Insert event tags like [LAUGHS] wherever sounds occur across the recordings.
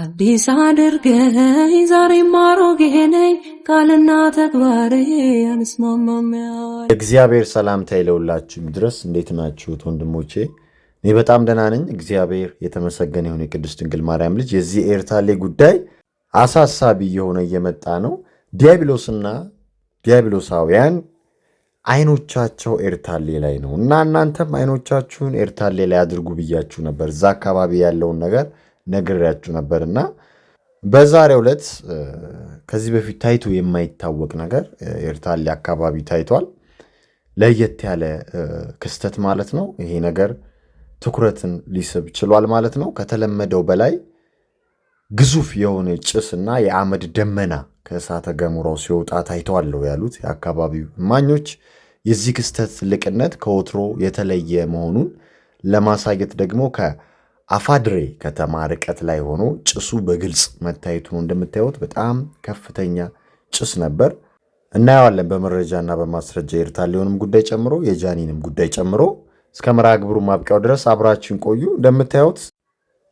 አዲስ አድርገኝ ዛሬም አሮጌ ነኝ፣ ቃልና ተግባሬ አንስማማም። እግዚአብሔር ሰላምታ ይለውላችሁ ድረስ እንዴት ናችሁት ወንድሞቼ? እኔ በጣም ደህና ነኝ፣ እግዚአብሔር የተመሰገነ የሆነ የቅድስት ድንግል ማርያም ልጅ የዚህ ኤርታሌ ጉዳይ አሳሳቢ እየሆነ እየመጣ ነው። ዲያብሎስና ዲያብሎሳውያን አይኖቻቸው ኤርታሌ ላይ ነው እና እናንተም አይኖቻችሁን ኤርታሌ ላይ አድርጉ ብያችሁ ነበር። እዛ አካባቢ ያለውን ነገር ነግሬያችሁ ነበር እና በዛሬው ዕለት ከዚህ በፊት ታይቶ የማይታወቅ ነገር ኤርታሌ አካባቢ ታይቷል። ለየት ያለ ክስተት ማለት ነው። ይሄ ነገር ትኩረትን ሊስብ ችሏል ማለት ነው። ከተለመደው በላይ ግዙፍ የሆነ እና የአመድ ደመና ከእሳተ ገሞራው ሲወጣ ታይተዋለሁ ያሉት የአካባቢው እማኞች የዚህ ክስተት ትልቅነት ከወትሮ የተለየ መሆኑን ለማሳየት ደግሞ ከ አፋድሬ ከተማ ርቀት ላይ ሆኖ ጭሱ በግልጽ መታየቱ ነው። እንደምታዩት በጣም ከፍተኛ ጭስ ነበር። እናየዋለን በመረጃና በማስረጃ የኤርታሌውንም ጉዳይ ጨምሮ የጃኒንም ጉዳይ ጨምሮ እስከ መርሃ ግብሩ ማብቂያው ድረስ አብራችን ቆዩ። እንደምታዩት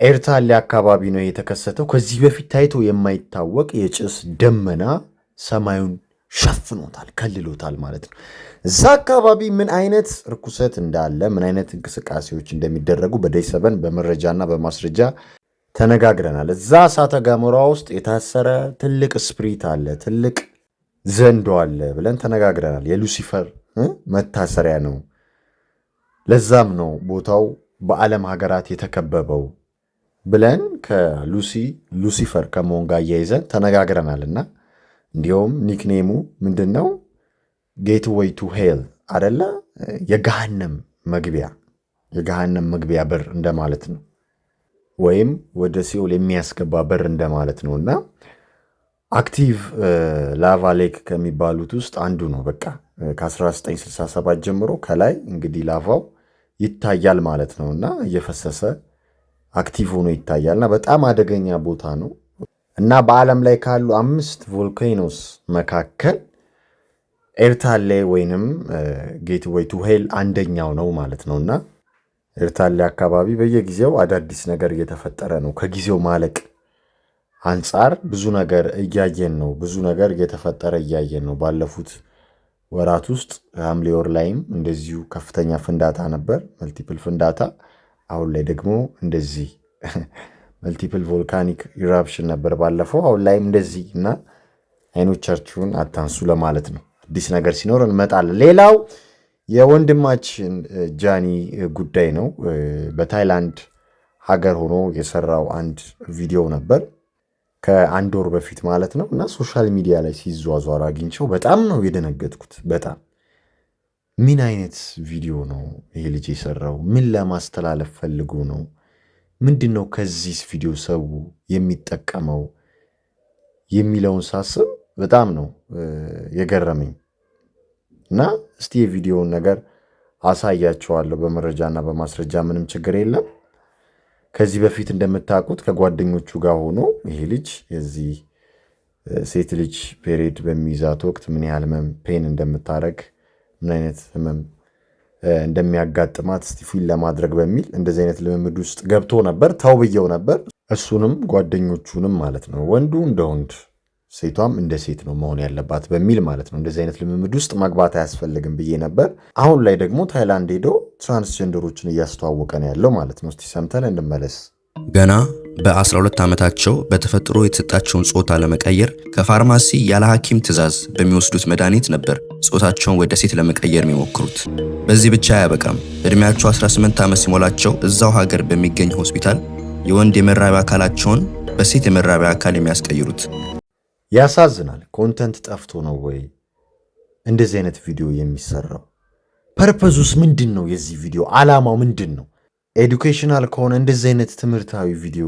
ኤርታሌ አካባቢ ነው የተከሰተው። ከዚህ በፊት ታይቶ የማይታወቅ የጭስ ደመና ሰማዩን ሸፍኖታል፣ ከልሎታል ማለት ነው። እዛ አካባቢ ምን አይነት ርኩሰት እንዳለ፣ ምን አይነት እንቅስቃሴዎች እንደሚደረጉ በደይ ሰበን በመረጃና በማስረጃ ተነጋግረናል። እዛ እሳተ ገሞራ ውስጥ የታሰረ ትልቅ ስፕሪት አለ፣ ትልቅ ዘንዶ አለ ብለን ተነጋግረናል። የሉሲፈር መታሰሪያ ነው። ለዛም ነው ቦታው በዓለም ሀገራት የተከበበው ብለን ከሉሲ ሉሲፈር ከመሆን ጋር እያይዘን እና እንዲሁም ኒክኔሙ ምንድን ነው? ጌትዌይ ቱ ሄል አደለ? የገሃነም መግቢያ የገሃነም መግቢያ በር እንደማለት ነው። ወይም ወደ ሲኦል የሚያስገባ በር እንደማለት ነው እና አክቲቭ ላቫ ሌክ ከሚባሉት ውስጥ አንዱ ነው። በቃ ከ1967 ጀምሮ ከላይ እንግዲህ ላቫው ይታያል ማለት ነው እና እየፈሰሰ አክቲቭ ሆኖ ይታያል እና በጣም አደገኛ ቦታ ነው። እና በዓለም ላይ ካሉ አምስት ቮልካኖስ መካከል ኤርታሌ ወይንም ጌትዌይ ቱ ሄል አንደኛው ነው ማለት ነው። እና ኤርታሌ አካባቢ በየጊዜው አዳዲስ ነገር እየተፈጠረ ነው። ከጊዜው ማለቅ አንጻር ብዙ ነገር እያየን ነው። ብዙ ነገር እየተፈጠረ እያየን ነው። ባለፉት ወራት ውስጥ ሐምሌ ወር ላይም እንደዚሁ ከፍተኛ ፍንዳታ ነበር፣ መልቲፕል ፍንዳታ። አሁን ላይ ደግሞ እንደዚህ [LAUGHS] መልቲፕል ቮልካኒክ ኢራፕሽን ነበር ባለፈው። አሁን ላይም እንደዚህ እና አይኖቻችሁን አታንሱ ለማለት ነው። አዲስ ነገር ሲኖር እንመጣለን። ሌላው የወንድማችን ጃኒ ጉዳይ ነው። በታይላንድ ሀገር ሆኖ የሰራው አንድ ቪዲዮ ነበር ከአንድ ወር በፊት ማለት ነው እና ሶሻል ሚዲያ ላይ ሲዟዟር አግኝቸው በጣም ነው የደነገጥኩት። በጣም ምን አይነት ቪዲዮ ነው ይሄ ልጅ የሰራው? ምን ለማስተላለፍ ፈልጉ ነው? ምንድን ነው ከዚህ ቪዲዮ ሰው የሚጠቀመው የሚለውን ሳስብ በጣም ነው የገረመኝ እና እስቲ የቪዲዮውን ነገር አሳያቸዋለሁ በመረጃና በማስረጃ ምንም ችግር የለም። ከዚህ በፊት እንደምታውቁት ከጓደኞቹ ጋር ሆኖ ይሄ ልጅ የዚህ ሴት ልጅ ፔሬድ በሚይዛት ወቅት ምን ያህል ህመም ፔን እንደምታደርግ ምን አይነት ህመም እንደሚያጋጥማት ስቲፊል ለማድረግ በሚል እንደዚህ አይነት ልምምድ ውስጥ ገብቶ ነበር። ተው ብየው ነበር። እሱንም ጓደኞቹንም ማለት ነው። ወንዱ እንደ ወንድ ሴቷም እንደ ሴት ነው መሆን ያለባት በሚል ማለት ነው። እንደዚህ አይነት ልምምድ ውስጥ መግባት አያስፈልግም ብዬ ነበር። አሁን ላይ ደግሞ ታይላንድ ሄዶ ትራንስጀንደሮችን እያስተዋወቀ ነው ያለው ማለት ነው። እስቲ ሰምተን እንመለስ። ገና በ12 ዓመታቸው በተፈጥሮ የተሰጣቸውን ጾታ ለመቀየር ከፋርማሲ ያለ ሐኪም ትዕዛዝ በሚወስዱት መድኃኒት ነበር ጾታቸውን ወደ ሴት ለመቀየር የሚሞክሩት። በዚህ ብቻ አያበቃም። እድሜያቸው 18 ዓመት ሲሞላቸው እዛው ሀገር በሚገኝ ሆስፒታል የወንድ የመራቢያ አካላቸውን በሴት የመራቢያ አካል የሚያስቀይሩት። ያሳዝናል። ኮንተንት ጠፍቶ ነው ወይ እንደዚህ አይነት ቪዲዮ የሚሰራው? ፐርፐዙስ ምንድን ነው? የዚህ ቪዲዮ አላማው ምንድን ነው? ኤዱኬሽናል ከሆነ እንደዚህ አይነት ትምህርታዊ ቪዲዮ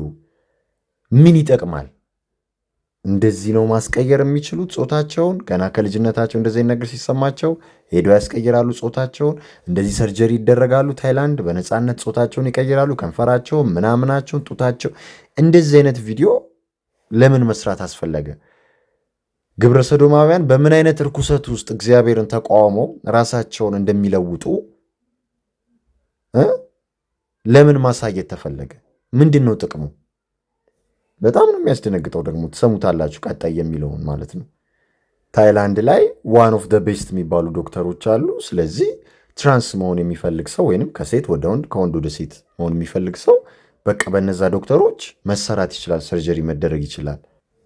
ምን ይጠቅማል? እንደዚህ ነው ማስቀየር የሚችሉት ጾታቸውን። ገና ከልጅነታቸው እንደዚህ ነገር ሲሰማቸው ሄደው ያስቀይራሉ ጾታቸውን። እንደዚህ ሰርጀሪ ይደረጋሉ። ታይላንድ በነፃነት ጾታቸውን ይቀይራሉ። ከንፈራቸውን፣ ምናምናቸውን፣ ጡታቸው። እንደዚህ አይነት ቪዲዮ ለምን መስራት አስፈለገ? ግብረ ሰዶማውያን በምን አይነት እርኩሰት ውስጥ እግዚአብሔርን ተቃውመው ራሳቸውን እንደሚለውጡ ለምን ማሳየት ተፈለገ? ምንድን ነው ጥቅሙ? በጣም ነው የሚያስደነግጠው። ደግሞ ትሰሙታላችሁ ቀጣይ የሚለውን ማለት ነው። ታይላንድ ላይ ዋን ኦፍ ደ ቤስት የሚባሉ ዶክተሮች አሉ። ስለዚህ ትራንስ መሆን የሚፈልግ ሰው ወይም ከሴት ወደ ወንድ ከወንድ ወደ ሴት መሆን የሚፈልግ ሰው በቃ በነዛ ዶክተሮች መሰራት ይችላል፣ ሰርጀሪ መደረግ ይችላል።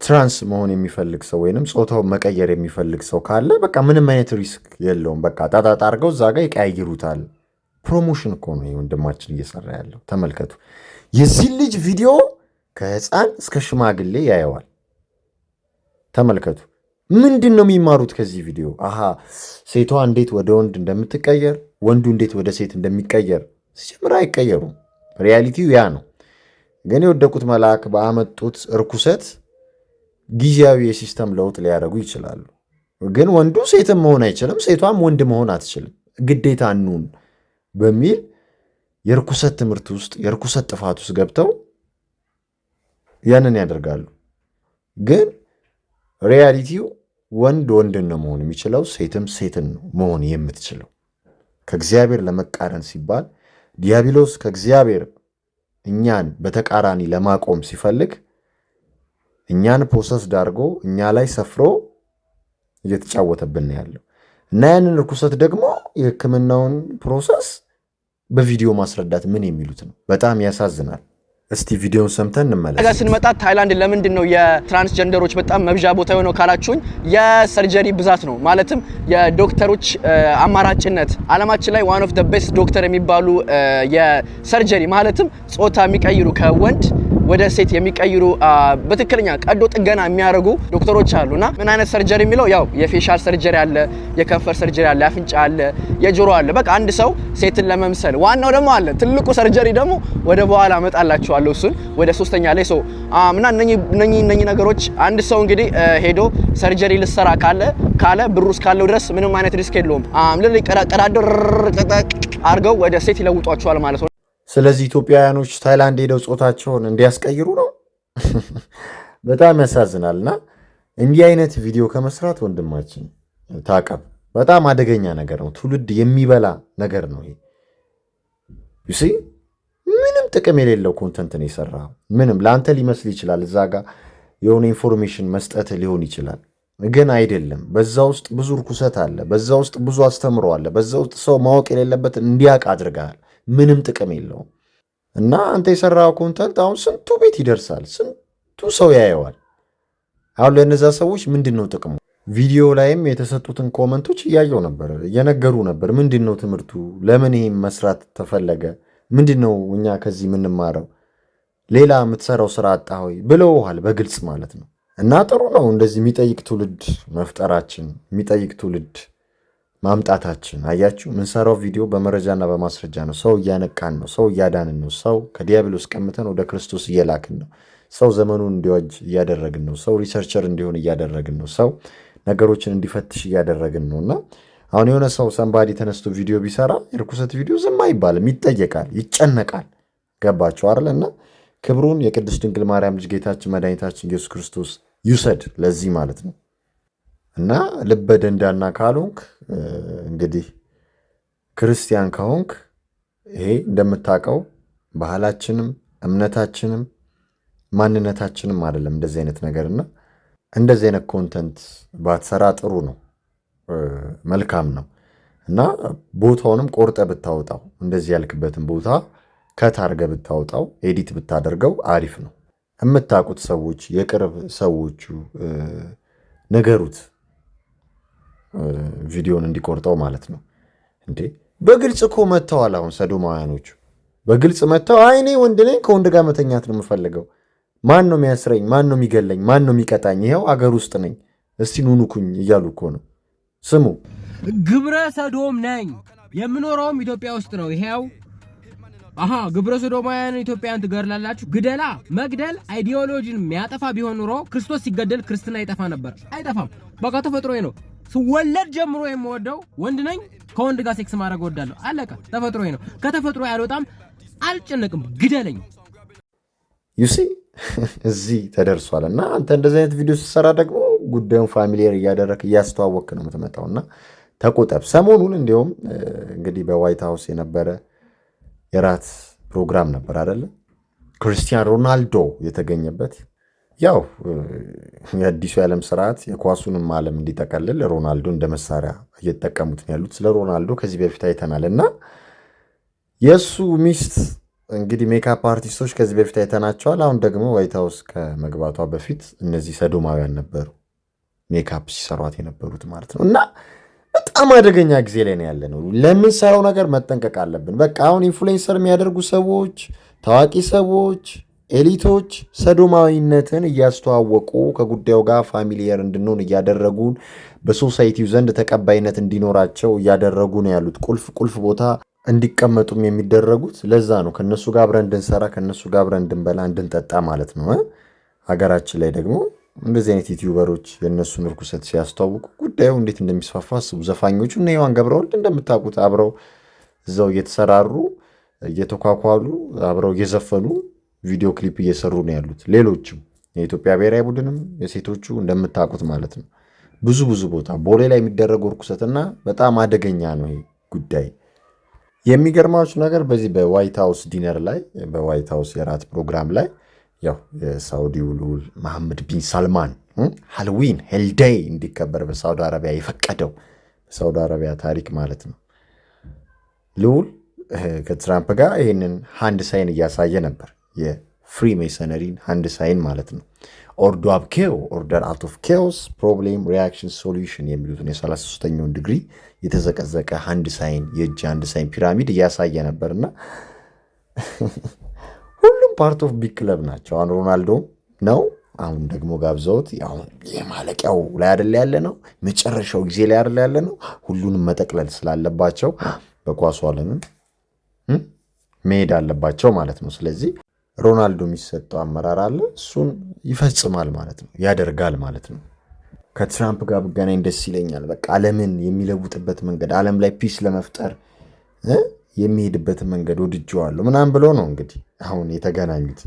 ትራንስ መሆን የሚፈልግ ሰው ወይም ፆታው መቀየር የሚፈልግ ሰው ካለ በቃ ምንም አይነት ሪስክ የለውም። በቃ ጣጣጣ አድርገው እዛ ጋር ይቀያይሩታል። ፕሮሞሽን እኮ ነው ወንድማችን እየሰራ ያለው ተመልከቱ። የዚህ ልጅ ቪዲዮ ከህፃን እስከ ሽማግሌ ያየዋል። ተመልከቱ። ምንድን ነው የሚማሩት ከዚህ ቪዲዮ? አ ሴቷ እንዴት ወደ ወንድ እንደምትቀየር፣ ወንዱ እንዴት ወደ ሴት እንደሚቀየር። ሲጀምር አይቀየሩም። ሪያሊቲው ያ ነው። ግን የወደቁት መልአክ በአመጡት እርኩሰት ጊዜያዊ የሲስተም ለውጥ ሊያደርጉ ይችላሉ። ግን ወንዱ ሴትም መሆን አይችልም፣ ሴቷም ወንድ መሆን አትችልም። ግዴታ ኑን በሚል የእርኩሰት ትምህርት ውስጥ የእርኩሰት ጥፋት ውስጥ ገብተው ያንን ያደርጋሉ። ግን ሪያሊቲው ወንድ ወንድን ነው መሆን የሚችለው፣ ሴትም ሴትን ነው መሆን የምትችለው። ከእግዚአብሔር ለመቃረን ሲባል ዲያብሎስ ከእግዚአብሔር እኛን በተቃራኒ ለማቆም ሲፈልግ እኛን ፖሰስ ዳርጎ እኛ ላይ ሰፍሮ እየተጫወተብን ያለው እና ያንን ርኩሰት ደግሞ የሕክምናውን ፕሮሰስ በቪዲዮ ማስረዳት ምን የሚሉት ነው? በጣም ያሳዝናል። እስቲ ቪዲዮን ሰምተን እንመለስ። ጋ ስንመጣ ታይላንድ ለምንድን ነው የትራንስጀንደሮች በጣም መብዣ ቦታ የሆነው ካላችሁኝ የሰርጀሪ ብዛት ነው። ማለትም የዶክተሮች አማራጭነት አለማችን ላይ ዋን ኦፍ ደ ቤስት ዶክተር የሚባሉ የሰርጀሪ ማለትም ጾታ የሚቀይሩ ከወንድ ወደ ሴት የሚቀይሩ በትክክለኛ ቀዶ ጥገና የሚያደርጉ ዶክተሮች አሉ እና ምን አይነት ሰርጀሪ የሚለው ያው የፌሻል ሰርጀሪ አለ፣ የከንፈር ሰርጀሪ አለ፣ አፍንጫ አለ፣ የጆሮ አለ። በቃ አንድ ሰው ሴትን ለመምሰል ዋናው ደግሞ አለ። ትልቁ ሰርጀሪ ደግሞ ወደ በኋላ አመጣላችኋለሁ። እሱን ወደ ሶስተኛ ላይ ሰው ምና እነኚህ ነገሮች አንድ ሰው እንግዲህ ሄዶ ሰርጀሪ ልሰራ ካለ ካለ ብሩ እስካለው ድረስ ምንም አይነት ሪስክ የለውም። ልል ቀዳደር አድርገው ወደ ሴት ይለውጧቸዋል ማለት ነው። ስለዚህ ኢትዮጵያውያኖች ታይላንድ ሄደው ጾታቸውን እንዲያስቀይሩ ነው። በጣም ያሳዝናልና እንዲህ አይነት ቪዲዮ ከመስራት ወንድማችን ታቀብ። በጣም አደገኛ ነገር ነው። ትውልድ የሚበላ ነገር ነው ዩሲ ምንም ጥቅም የሌለው ነው የሰራ ምንም ለአንተ ሊመስል ይችላል። እዛ ጋ የሆነ ኢንፎርሜሽን መስጠት ሊሆን ይችላል፣ ግን አይደለም። በዛ ውስጥ ብዙ እርኩሰት አለ። በዛ ውስጥ ብዙ አስተምሮ አለ። በዛ ውስጥ ሰው ማወቅ የሌለበት እንዲያውቅ አድርገሃል። ምንም ጥቅም የለውም። እና አንተ የሰራው ኮንተንት አሁን ስንቱ ቤት ይደርሳል፣ ስንቱ ሰው ያየዋል። አሁን ለእነዛ ሰዎች ምንድን ነው ጥቅሙ? ቪዲዮ ላይም የተሰጡትን ኮመንቶች እያየው ነበር፣ እየነገሩ ነበር። ምንድን ነው ትምህርቱ? ለምን ይሄም መስራት ተፈለገ? ምንድን ነው እኛ ከዚህ የምንማረው? ሌላ የምትሰራው ስራ አጣ ሆይ ብለውሃል፣ በግልጽ ማለት ነው። እና ጥሩ ነው እንደዚህ የሚጠይቅ ትውልድ መፍጠራችን የሚጠይቅ ትውልድ ማምጣታችን አያችሁ። የምንሰራው ቪዲዮ በመረጃና በማስረጃ ነው። ሰው እያነቃን ነው። ሰው እያዳንን ነው። ሰው ከዲያብሎስ ቀምተን ወደ ክርስቶስ እየላክን ነው። ሰው ዘመኑን እንዲዋጅ እያደረግን ነው። ሰው ሪሰርቸር እንዲሆን እያደረግን ነው። ሰው ነገሮችን እንዲፈትሽ እያደረግን ነው። እና አሁን የሆነ ሰው ሰንባዲ ተነስቶ ቪዲዮ ቢሰራ የርኩሰት ቪዲዮ ዝም አይባልም፣ ይጠየቃል፣ ይጨነቃል። ገባችሁ አይደል? እና ክብሩን የቅድስት ድንግል ማርያም ልጅ ጌታችን መድኃኒታችን ኢየሱስ ክርስቶስ ይውሰድ። ለዚህ ማለት ነው። እና ልበ ደንዳና ካልሆንክ እንግዲህ ክርስቲያን ከሆንክ ይሄ እንደምታውቀው ባህላችንም እምነታችንም ማንነታችንም አይደለም እንደዚህ አይነት ነገር እና እንደዚህ አይነት ኮንተንት ባትሰራ ጥሩ ነው፣ መልካም ነው እና ቦታውንም ቆርጠ ብታወጣው እንደዚህ ያልክበትን ቦታ ከታርገ ብታወጣው ኤዲት ብታደርገው አሪፍ ነው። የምታውቁት ሰዎች የቅርብ ሰዎቹ ነገሩት ቪዲዮን እንዲቆርጠው ማለት ነው እንዴ። በግልጽ እኮ መጥተዋል። አሁን ሰዶማውያኖቹ በግልጽ መጥተው አይኔ ወንድ ነኝ፣ ከወንድ ጋር መተኛት ነው የምፈልገው፣ ማን ነው የሚያስረኝ? ማን ነው የሚገለኝ? ማን ነው የሚቀጣኝ? ይኸው አገር ውስጥ ነኝ፣ እስቲ ኑኑኩኝ እያሉ እኮ ነው። ስሙ፣ ግብረ ሰዶም ነኝ፣ የምኖረውም ኢትዮጵያ ውስጥ ነው። ይኸው አሃ፣ ግብረ ሰዶማውያን ኢትዮጵያን ትገድላላችሁ። ግደላ መግደል አይዲዮሎጂን የሚያጠፋ ቢሆን ኑሮ ክርስቶስ ሲገደል ክርስትና ይጠፋ ነበር። አይጠፋም፣ በቃ ተፈጥሮ ነው። ስወለድ ጀምሮ የምወደው ወንድ ነኝ። ከወንድ ጋር ሴክስ ማድረግ እወዳለሁ። አለቀ። ተፈጥሮ ነው። ከተፈጥሮ አልወጣም፣ አልጨነቅም። ግደለኝ። ዩሲ [LAUGHS] እዚህ ተደርሷል። እና አንተ እንደዚህ አይነት ቪዲዮ ስትሰራ ደግሞ ጉዳዩን ፋሚሊየር እያደረክ እያስተዋወክ ነው የምትመጣው። እና ተቆጠብ። ሰሞኑን እንዲሁም እንግዲህ በዋይት ሀውስ የነበረ የራት ፕሮግራም ነበር አይደለ? ክርስቲያን ሮናልዶ የተገኘበት ያው የአዲሱ የዓለም ስርዓት የኳሱንም ዓለም እንዲጠቀልል ሮናልዶ እንደ መሳሪያ እየተጠቀሙት ነው ያሉት። ስለ ሮናልዶ ከዚህ በፊት አይተናል እና የእሱ ሚስት እንግዲህ ሜካፕ አርቲስቶች ከዚህ በፊት አይተናቸዋል። አሁን ደግሞ ዋይት ሀውስ ከመግባቷ በፊት እነዚህ ሰዶማውያን ነበሩ ሜካፕ ሲሰሯት የነበሩት ማለት ነው። እና በጣም አደገኛ ጊዜ ላይ ነው ያለ ነው። ለምንሰራው ነገር መጠንቀቅ አለብን። በቃ አሁን ኢንፍሉዌንሰር የሚያደርጉ ሰዎች፣ ታዋቂ ሰዎች ኤሊቶች ሰዶማዊነትን እያስተዋወቁ ከጉዳዩ ጋር ፋሚሊየር እንድንሆን እያደረጉን በሶሳይቲው ዘንድ ተቀባይነት እንዲኖራቸው እያደረጉ ነው ያሉት። ቁልፍ ቁልፍ ቦታ እንዲቀመጡም የሚደረጉት ለዛ ነው። ከነሱ ጋር አብረን እንድንሰራ፣ ከነሱ ጋር አብረን እንድንበላ፣ እንድንጠጣ ማለት ነው። ሀገራችን ላይ ደግሞ እንደዚህ አይነት ዩቲዩበሮች የእነሱን እርኩሰት ሲያስተዋውቁ ጉዳዩ እንዴት እንደሚስፋፋ አስቡ። ዘፋኞቹ እና ሔዋን ገብረወልድ እንደምታውቁት አብረው እዛው እየተሰራሩ እየተኳኳሉ አብረው እየዘፈኑ ቪዲዮ ክሊፕ እየሰሩ ነው ያሉት። ሌሎችም የኢትዮጵያ ብሔራዊ ቡድንም የሴቶቹ እንደምታውቁት ማለት ነው ብዙ ብዙ ቦታ ቦሌ ላይ የሚደረገው እርኩሰትና በጣም አደገኛ ነው ይሄ ጉዳይ። የሚገርማችሁ ነገር በዚህ በዋይት ሃውስ ዲነር ላይ በዋይት ሃውስ የራት ፕሮግራም ላይ ያው የሳውዲው ልዑል መሐመድ ቢን ሳልማን ሃልዊን ሄልደይ እንዲከበር በሳውዲ አረቢያ የፈቀደው በሳውዲ አረቢያ ታሪክ ማለት ነው ልዑል ከትራምፕ ጋር ይህንን ሀንድ ሳይን እያሳየ ነበር። የፍሪ ሜሰነሪን አንድ ሳይን ማለት ነው። ኦርዶ አብ ኬኦ ኦርደር አውት ኦፍ ኬኦስ ፕሮብሌም ሪያክሽን ሶሉሽን የሚሉትን የ33ኛውን ዲግሪ የተዘቀዘቀ አንድ ሳይን የእጅ አንድ ሳይን ፒራሚድ እያሳየ ነበር እና [LAUGHS] ሁሉም ፓርት ኦፍ ቢግ ክለብ ናቸው። አሁን ሮናልዶም ነው አሁን ደግሞ ጋብዘውት የማለቂያው ላይ አደለ ያለ ነው፣ መጨረሻው ጊዜ ላይ አደለ ያለ ነው። ሁሉንም መጠቅለል ስላለባቸው በኳሱ ዓለምን መሄድ አለባቸው ማለት ነው። ስለዚህ ሮናልዶ የሚሰጠው አመራር አለ። እሱን ይፈጽማል ማለት ነው፣ ያደርጋል ማለት ነው። ከትራምፕ ጋር ብገናኝ ደስ ይለኛል። በቃ ዓለምን የሚለውጥበት መንገድ ዓለም ላይ ፒስ ለመፍጠር የሚሄድበት መንገድ ወድጀዋለሁ ምናምን ብሎ ነው እንግዲህ አሁን የተገናኙት።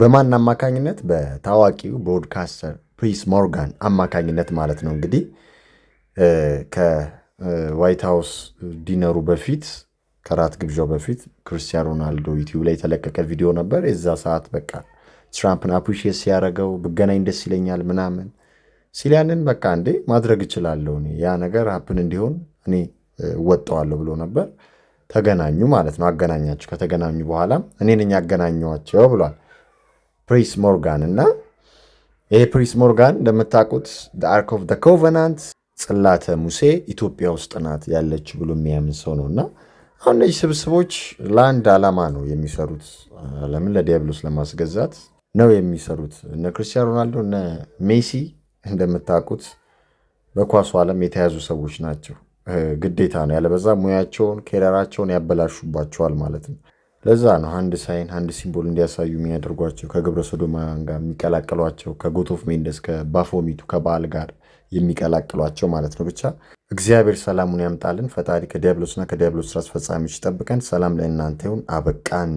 በማን አማካኝነት? በታዋቂው ብሮድካስተር ፒርስ ሞርጋን አማካኝነት ማለት ነው እንግዲህ ከዋይት ሀውስ ዲነሩ በፊት ከራት ግብዣው በፊት ክርስቲያኖ ሮናልዶ ዩቲዩብ ላይ የተለቀቀ ቪዲዮ ነበር። የዛ ሰዓት በቃ ትራምፕን አፕሪሼት ሲያደረገው ብገናኝ ደስ ይለኛል ምናምን ሲል ያንን በቃ እንዴ ማድረግ እችላለሁ ያ ነገር ሀፕን እንዲሆን እኔ እወጠዋለሁ ብሎ ነበር። ተገናኙ ማለት ነው። አገናኛቸው። ከተገናኙ በኋላም እኔ ነኝ ያገናኘኋቸው ብሏል ፕሪስ ሞርጋን እና ይሄ ፕሪስ ሞርጋን እንደምታውቁት አርክ ኦፍ ኮቨናንት ጽላተ ሙሴ ኢትዮጵያ ውስጥ ናት ያለች ብሎ የሚያምን ሰው ነው እና አሁን እነዚህ ስብስቦች ለአንድ ዓላማ ነው የሚሰሩት። ለምን ለዲያብሎስ ለማስገዛት ነው የሚሰሩት። እነ ክርስቲያኖ ሮናልዶ እነ ሜሲ እንደምታውቁት በኳሱ ዓለም የተያዙ ሰዎች ናቸው። ግዴታ ነው፣ ያለበዛ ሙያቸውን ኬሪራቸውን ያበላሹባቸዋል ማለት ነው። ለዛ ነው አንድ ሳይን አንድ ሲምቦል እንዲያሳዩ የሚያደርጓቸው ከግብረ ሶዶማውያን ጋር የሚቀላቅሏቸው ከጎቶፍ ሜንደስ ከባፎሚቱ ከባል ጋር የሚቀላቅሏቸው ማለት ነው ብቻ እግዚአብሔር ሰላሙን ያምጣልን። ፈጣሪ ከዲያብሎስና ከዲያብሎስ ስራ አስፈጻሚዎች ይጠብቀን። ሰላም ለእናንተ ይሁን። አበቃን።